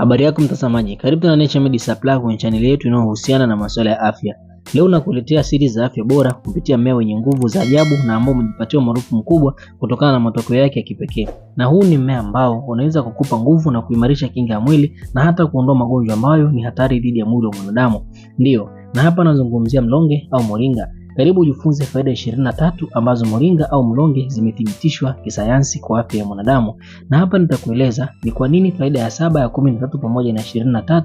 Habari yako mtazamaji, karibu tena Naturemed Supplies kwenye chaneli yetu inayohusiana na masuala ya afya. Leo nakuletea siri za afya bora kupitia mmea wenye nguvu za ajabu na ambao umejipatia maarufu mkubwa kutokana na matokeo yake ya kipekee. Na huu ni mmea ambao unaweza kukupa nguvu na kuimarisha kinga ya mwili na hata kuondoa magonjwa ambayo ni hatari dhidi ya mwili wa mwanadamu. Ndiyo, na hapa nazungumzia mlonge au moringa. Karibu ujifunze faida 23 ambazo moringa au mlonge zimethibitishwa kisayansi kwa afya ya mwanadamu, na hapa nitakueleza ni kwa nini faida ya saba ya 13 pamoja na 23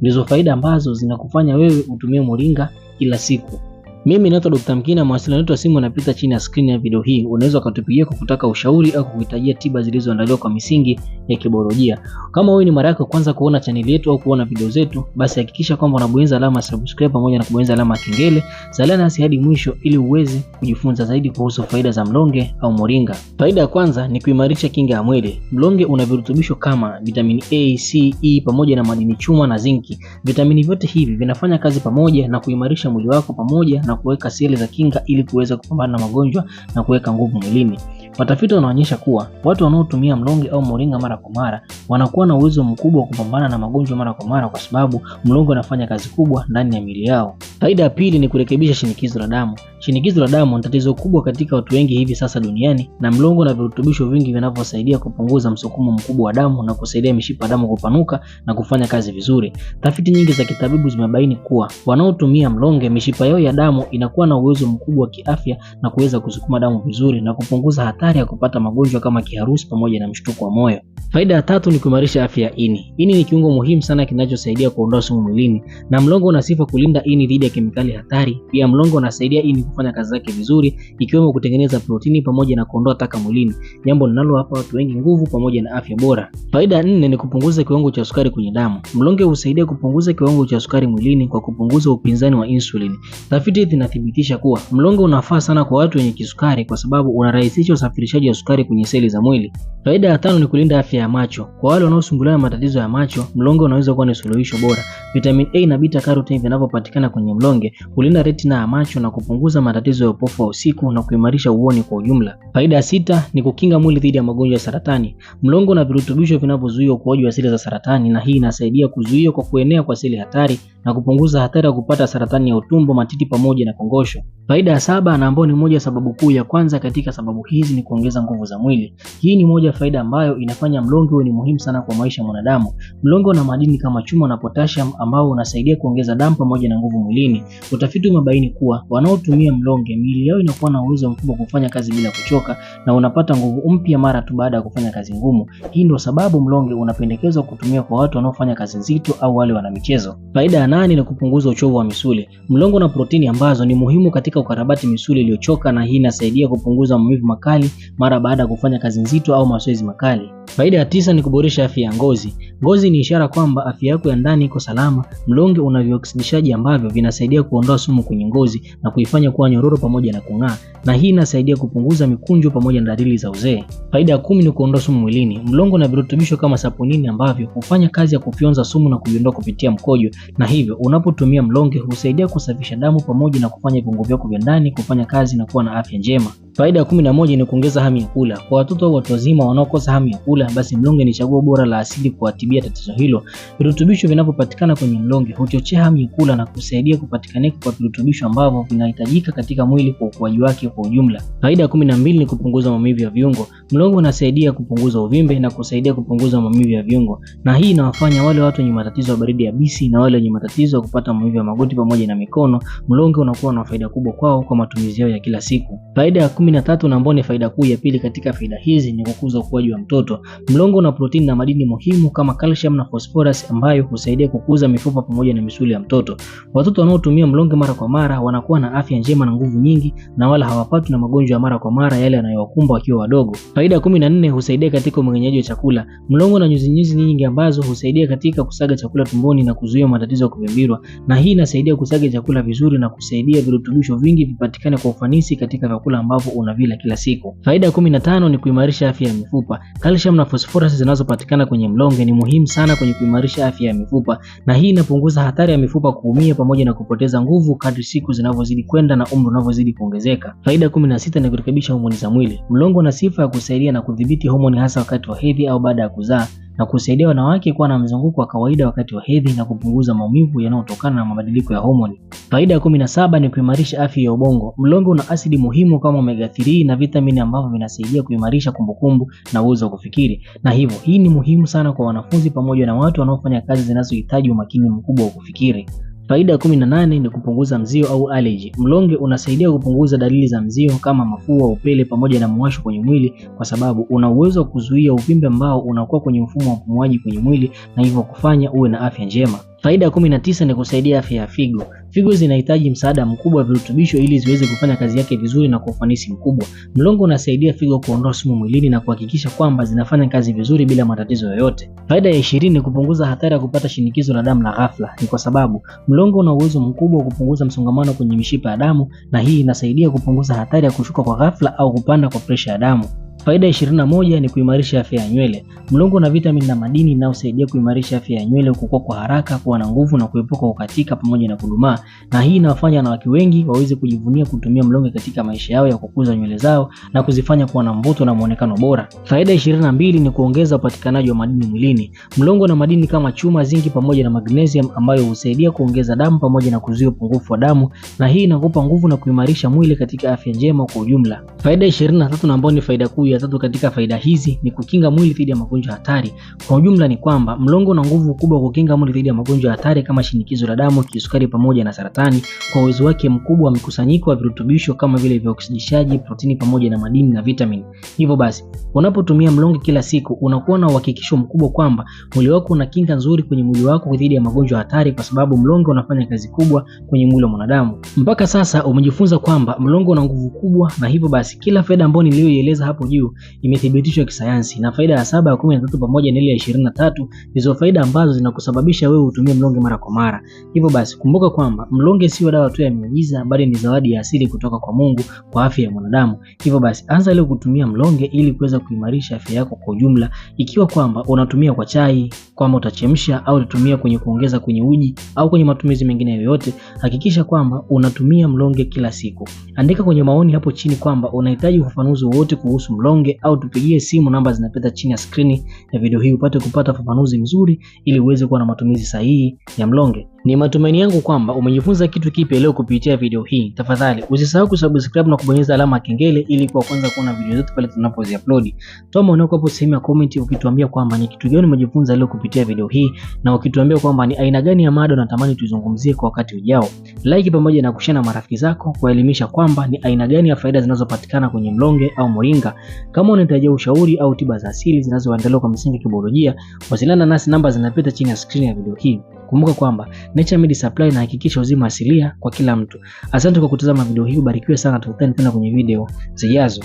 ndizo faida ambazo zinakufanya wewe utumie moringa kila siku. Mimi naitwa Dr. Mkina, mawasiliano yetu ya simu yanapita chini ya skrini ya video hii. Unaweza ukatupigia kwa kutaka ushauri au kuhitajia tiba zilizoandaliwa kwa misingi ya kibiolojia. Kama wewe ni mara yako kwanza kuona chaneli yetu au kuona video zetu, basi hakikisha kwamba unabonyeza alama ya subscribe pamoja na kubonyeza alama ya kengele. Salia nasi hadi mwisho ili uweze kujifunza zaidi kuhusu faida za mlonge au moringa. Faida ya kwanza ni kuimarisha kinga ya mwili. Mlonge una virutubisho kama vitamini A, C, E pamoja na madini chuma na zinki. Vitamini vyote hivi vinafanya kazi pamoja na kuimarisha mwili wako pamoja na kuweka seli za kinga ili kuweza kupambana na magonjwa na kuweka nguvu mwilini. Watafiti wanaonyesha kuwa watu wanaotumia mlonge au moringa mara kwa mara wanakuwa na uwezo mkubwa wa kupambana na magonjwa mara kwa mara, kwa sababu mlonge unafanya kazi kubwa ndani ya miili yao. Faida ya pili ni kurekebisha shinikizo la damu. Shinikizo la damu ni tatizo kubwa katika watu wengi hivi sasa duniani, na mlonge na virutubisho vingi vinavyosaidia kupunguza msukumo mkubwa wa damu na kusaidia mishipa ya damu kupanuka na kufanya kazi vizuri. Tafiti nyingi za kitabibu zimebaini kuwa wanaotumia mlonge mishipa yao ya damu inakuwa na uwezo mkubwa wa kiafya na kuweza kusukuma damu vizuri na kupunguza hatari ya kupata magonjwa kama kiharusi pamoja na mshtuko wa moyo. Faida ya tatu ni kuimarisha afya ya ini. Ini ni kiungo muhimu sana kinachosaidia kuondoa sumu mwilini, na mlongo una sifa kulinda ini dhidi ya kemikali hatari. Pia mlongo unasaidia ini kufanya kazi zake vizuri, ikiwemo kutengeneza protini pamoja na kuondoa taka mwilini, jambo linalowapa watu wengi nguvu pamoja na afya bora. Faida nne ni kupunguza kiwango cha sukari kwenye damu. Mlonge husaidia kupunguza kiwango cha sukari mwilini kwa kupunguza upinzani wa insulini. Tafiti Utafiti inathibitisha kuwa mlonge unafaa sana kwa watu wenye kisukari kwa sababu unarahisisha usafirishaji wa sukari kwenye seli za mwili. Faida ya tano ni kulinda afya ya macho. Kwa wale wanaosumbuliwa na matatizo ya macho, mlonge unaweza kuwa ni suluhisho bora. Vitamin A na beta carotene vinavyopatikana kwenye mlonge hulinda retina ya macho na kupunguza matatizo ya upofu wa usiku na kuimarisha uoni kwa ujumla. Faida ya sita ni kukinga mwili dhidi ya magonjwa ya saratani. Mlonge una virutubisho vinavyozuia ukuaji wa seli za saratani na hii inasaidia kuzuia kwa kuenea kwa seli hatari na kupunguza hatari ya kupata saratani ya utumbo, matiti pamoja pamoja na kongosho Faida ya saba na ambayo ni moja sababu kuu ya kwanza katika sababu hizi ni kuongeza nguvu za mwili. Hii ni moja faida ambayo inafanya mlonge uwe ni muhimu sana kwa maisha ya mwanadamu. Mlonge una madini kama chuma na potassium ambao unasaidia kuongeza damu pamoja na nguvu mwilini. Utafiti umebaini kuwa wanaotumia mlonge, miili yao inakuwa na uwezo mkubwa kufanya kazi bila kuchoka na unapata nguvu mpya mara tu baada ya kufanya kazi ngumu. Hii ndio sababu mlonge unapendekezwa kutumia kwa watu wanaofanya kazi nzito au wale wana michezo. Faida ya nane ni kupunguza uchovu wa misuli. Mlonge una protini ambazo ni muhimu katika katika ukarabati misuli iliyochoka na hii inasaidia kupunguza maumivu makali mara baada ya kufanya kazi nzito au mazoezi makali. Faida ya tisa ni kuboresha afya ya ngozi. Ngozi ni ishara kwamba afya yako ya ndani iko salama. Mlonge una vioksidishaji ambavyo vinasaidia kuondoa sumu kwenye ngozi na kuifanya kuwa nyororo pamoja na kung'aa, na hii inasaidia kupunguza mikunjo pamoja na dalili za uzee. Faida ya kumi ni kuondoa sumu mwilini. Mlonge una virutubisho kama saponini ambavyo hufanya kazi ya kufyonza sumu na kuiondoa kupitia mkojo, na hivyo unapotumia mlonge husaidia kusafisha damu pamoja na kufanya viungo vyako vya ndani kufanya kazi na kuwa na afya njema. Faida ya kumi na moja ni kuongeza hamu ya kula. Kwa watoto au watu wazima wanaokosa hamu ya kula, basi mlonge ni chaguo bora la asili kuwatibia tatizo hilo. Virutubisho vinavyopatikana kwenye mlonge huchochea hamu ya kula na kusaidia kupatikaneka kwa virutubisho ambavyo vinahitajika katika mwili kwa ukuaji wake kwa ujumla. Faida ya kumi na mbili ni kupunguza maumivu ya viungo. Mlonge unasaidia kupunguza uvimbe na kusaidia kupunguza maumivu ya viungo, na hii inawafanya wale watu wenye matatizo ya baridi yabisi na wale wenye matatizo ya kupata maumivu ya magoti pamoja na mikono, mlonge unakuwa na faida kubwa kwao kwa matumizi yao ya kila siku. Faida ya kumi na tatu na ambao ni faida kuu ya pili katika faida hizi ni kukuza ukuaji wa mtoto. Mlongo una protini na madini muhimu kama calcium na phosphorus ambayo husaidia kukuza mifupa pamoja na misuli ya mtoto. Watoto wanaotumia mlonge mara kwa mara wanakuwa na afya njema na nguvu nyingi na wala hawapatwi na magonjwa ya mara kwa mara yale yanayowakumba wakiwa wadogo. Faida kumi na nne husaidia katika umeng'enyaji wa chakula. Mlongo na nyuzi nyuzi nyingi ambazo husaidia katika kusaga chakula tumboni na kuzuia matatizo ya kuvimbirwa, na hii inasaidia kusaga chakula vizuri na kusaidia virutubisho vingi vipatikane kwa ufanisi katika vyakula ambavyo unavila kila siku. Faida ya kumi na tano ni kuimarisha afya ya mifupa. Calcium na phosphorus zinazopatikana kwenye mlonge ni muhimu sana kwenye kuimarisha afya ya mifupa, na hii inapunguza hatari ya mifupa kuumia pamoja na kupoteza nguvu kadri siku zinavyozidi kwenda na umri unavyozidi kuongezeka. Faida kumi na sita ni kurekebisha homoni za mwili. Mlonge una sifa ya kusaidia na kudhibiti homoni hasa wakati wa hedhi au baada ya kuzaa na kusaidia wanawake kuwa na mzunguko wa kawaida wakati wa hedhi na kupunguza maumivu yanayotokana na mabadiliko ya homoni. Faida ya 17 ni kuimarisha afya ya ubongo. Mlonge una asidi muhimu kama omega 3 na vitamini ambavyo vinasaidia kuimarisha kumbukumbu na uwezo wa kufikiri, na hivyo hii ni muhimu sana kwa wanafunzi pamoja na watu wanaofanya kazi zinazohitaji umakini mkubwa wa kufikiri. Faida ya kumi na nane ni kupunguza mzio au allergy. Mlonge unasaidia kupunguza dalili za mzio kama mafua, upele pamoja na mwasho kwenye mwili, kwa sababu una uwezo wa kuzuia uvimbe ambao unakuwa kwenye mfumo wa upumuaji kwenye mwili na hivyo kufanya uwe na afya njema. Faida ya kumi na tisa ni kusaidia afya ya figo. Figo zinahitaji msaada mkubwa wa virutubisho ili ziweze kufanya kazi yake vizuri na kwa ufanisi mkubwa. Mlongo unasaidia figo kuondoa sumu mwilini na kuhakikisha kwamba zinafanya kazi vizuri bila matatizo yoyote. Faida ya ishirini ni kupunguza hatari ya kupata shinikizo la damu la ghafla. Ni kwa sababu mlongo una uwezo mkubwa wa kupunguza msongamano kwenye mishipa ya damu, na hii inasaidia kupunguza hatari ya kushuka kwa ghafla au kupanda kwa presha ya damu. Faida 21 ni kuimarisha afya ya nywele. Mlongo na vitamini na madini inayosaidia kuimarisha afya ya nywele, kukua kwa haraka, kuwa na nguvu na kuepuka kukatika pamoja na kudumaa, na hii inawafanya wanawake wengi waweze kujivunia kutumia mlungu katika maisha yao ya kukuza nywele zao na kuzifanya kuwa na mvuto na muonekano bora. Faida 22 ni kuongeza upatikanaji wa madini mwilini. Mlongo na madini kama chuma, zinki pamoja na magnesium ambayo husaidia kuongeza damu pamoja na kuzuia upungufu wa damu, na hii inakupa nguvu na kuimarisha mwili katika afya njema kwa ujumla. Faida 23 ambayo ni faida kuu ya tatu katika faida hizi ni kukinga mwili dhidi ya magonjwa hatari. Kwa ujumla ni kwamba mlongo una nguvu kubwa kukinga mwili dhidi ya magonjwa hatari kama shinikizo la damu, kisukari pamoja na saratani kwa uwezo wake mkubwa wa mikusanyiko wa virutubisho kama vile vya oksidishaji, protini pamoja na madini na vitamini. Hivyo basi, unapotumia mlongo kila siku unakuwa na uhakikisho mkubwa kwamba mwili wako una kinga nzuri kwenye mwili wako dhidi ya magonjwa hatari kwa sababu mlongo unafanya kazi kubwa kwenye mwili wa mwanadamu. Mpaka sasa umejifunza kwamba mlongo una nguvu kubwa na hivyo basi kila faida ambayo niliyoieleza hapo juu juu imethibitishwa kisayansi, na faida ya saba ya kumi na tatu pamoja na ile ya ishirini na tatu ndizo faida ambazo zinakusababisha wewe utumie mlonge mara kwa mara. Hivyo basi kumbuka kwamba mlonge sio dawa tu ya miujiza, bali ni zawadi ya asili kutoka kwa Mungu kwa afya ya mwanadamu. Hivyo basi anza leo kutumia mlonge ili kuweza kuimarisha afya yako kwa ujumla, ikiwa kwamba unatumia kwa chai, kwamba utachemsha au utatumia kwenye kuongeza kwenye uji au kwenye matumizi mengine yoyote, hakikisha kwamba unatumia mlonge kila siku. Andika kwenye maoni hapo chini kwamba unahitaji ufafanuzi wowote kuhusu mlonge udonge au tupigie simu, namba zinapita chini ya skrini ya video hii upate kupata ufafanuzi mzuri ili uweze kuwa na matumizi sahihi ya mlonge. Ni matumaini yangu kwamba umejifunza kitu kipya leo kupitia video hii. Tafadhali usisahau kusubscribe na kubonyeza alama ya kengele ili kwa kwanza kuona video zetu pale tunapoziupload. Toa maoni yako hapo sehemu ya comment ukituambia kwamba ni kitu gani umejifunza leo kupitia video hii na ukituambia kwamba ni aina gani ya mada unatamani tuizungumzie kwa wakati ujao. Like pamoja na kushare na marafiki zako kuwaelimisha kwamba ni aina gani ya faida zinazopatikana kwenye mlonge au moringa. Kama unahitaji ushauri au tiba za asili zinazoandaliwa kwa msingi ya kibiolojia, wasiliana nasi, namba zinapita chini ya screen ya video hii. Kumbuka kwamba Naturemed Supply inahakikisha uzima asilia kwa kila mtu. Asante kwa kutazama video hii, ubarikiwe sana, tukutane tena kwenye video zijazo.